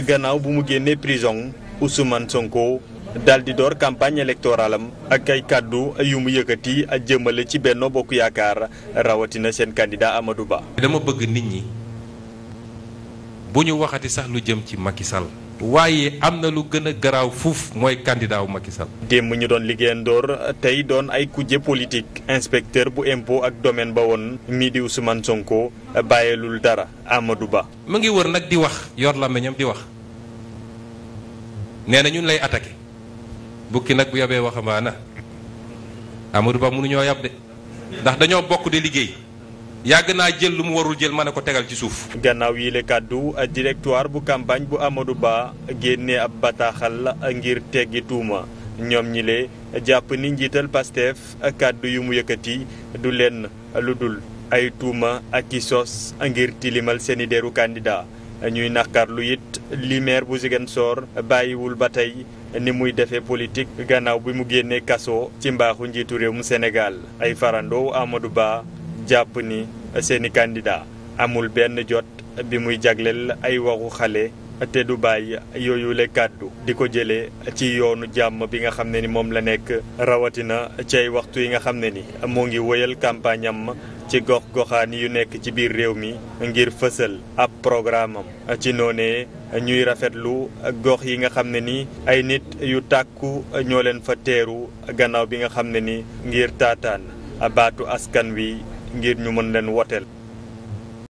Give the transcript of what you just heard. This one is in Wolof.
gannaaw bu mu génnee prison Ousmane Sonko daal di door campagne électorale ak ay kàddu yu mu a jëmale ci benn Bokk Yaakaar rawatina seen candidat Amadou Ba. dama bëgg nit ñi. bu ñu waxati sax lu jëm ci Macky Sall waaye am na lu gën a garaaw fuuf mooy candidat wu Macky Sall. démb ñu doon liggéeyandoor tey doon ay kuje politique inspecteur bu impôt ak domaine ba woon mii di Ousmane Sonko bàyyilul dara Amadou Ba. mu ngi wër nag di wax yor làmmiñam di wax nee na ñu lay attaqué bukki nag bu yabee waxambaana Amadou Ba mënuñoo yab de ndax dañoo bokk de liggéey. yàgg naa jël lu mu warul jël ma ne ko tegal ci suuf. gannaaw yi la kàddu directoire bu campagne bu Amadou baa génnee ab bataaxal ngir teggi tuuma ñoom ñile jàpp ni njiital Pastef kàddu yu mu yëkkati du leen lu dul ay tuuma ak i sos ngir tilimal seeni deru candidat ñuy naqarlu it li bu bu Ziguinchor bàyyiwul ba tey ni muy defee politique gannaaw bi mu génnee kaso ci mbaaxu njiitu réew mu Sénégal ay farandoo Amadou baa jàpp ni seeni candidat amul benn jot bi muy jagleel ay waxu xale te du bàyyi yooyu le kàddu di ko jëlee ci yoonu jàmm bi nga xam ne ni moom la nekk rawatina ci waxtu yi nga xam ne ni moo ngi wëyal campagne am ci gox goxaan yu nekk ci biir réew mi ngir fësal ab programme ci noonee ñuy rafetlu gox yi nga xam ne ni ay nit yu tàkku ñoo leen fa teeru gannaaw bi nga xam ne ni ngir taataan baatu askan wi ngir ñu mën leen wooteel